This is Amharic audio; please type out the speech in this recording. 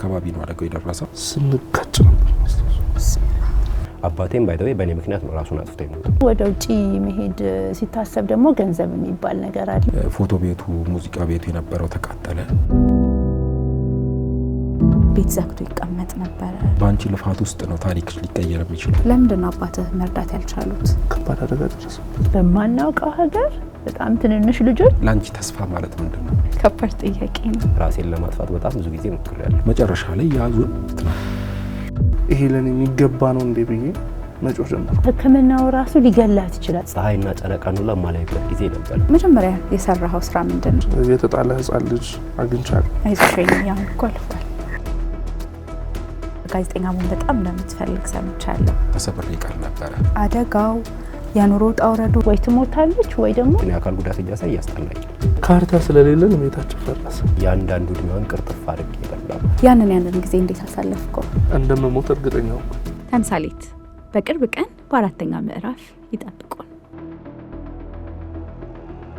አካባቢ ነው አደጋው የደረሰው። ስንቀጭ ነበር። አባቴም ባይተው በእኔ ምክንያት ነው ራሱን አጥፍቶ የሞተው። ወደ ውጭ መሄድ ሲታሰብ ደግሞ ገንዘብ የሚባል ነገር አለ። ፎቶ ቤቱ፣ ሙዚቃ ቤቱ የነበረው ተቃጠለ። ቤት ዘግቶ ይቀመጥ ነበረ። በአንቺ ልፋት ውስጥ ነው ታሪክ ሊቀየር የሚችለው። ለምንድን ነው አባትህ መርዳት ያልቻሉት? ከባድ አደጋ ደረሰበት በማናውቀው ሀገር በጣም ትንንሽ ልጆች ለአንቺ ተስፋ ማለት ምንድን ነው? ከባድ ጥያቄ ነው። ራሴን ለማጥፋት በጣም ብዙ ጊዜ ሞክሬያለሁ። መጨረሻ ላይ ያዙን ይሄ ለኔ የሚገባ ነው እንዴ ብዬ መጮህ ጀመርኩ። ራሱ ሊገላት ይችላል። ፀሐይና ጨረቃ ነው ለማላይበት ጊዜ ነበር። መጀመሪያ የሰራኸው ስራ ምንድን ነው? የተጣለ ህፃን ልጅ አግኝቻለሁ። አይዞሽ ያሁን እኮ አልፏል። ጋዜጠኛ መሆን በጣም እንደምትፈልግ ሰምቻለሁ። ተሰብሬ ቀር ነበረ አደጋው የኑሮ ውጣ ውረዱ ወይ ትሞታለች ወይ ደግሞ የአካል ጉዳት እያሳይ ያስጠላኝ ካርታ ስለሌለን ቤታችን ፈረሰ። የአንዳንዱ ዕድሜዋን ቅርጥፍ አድርግ ይበላል። ያንን ያንን ጊዜ እንዴት አሳለፍከው? እንደምሞት እርግጠኛው ተምሳሌት በቅርብ ቀን በአራተኛ ምዕራፍ ይጠብቁን።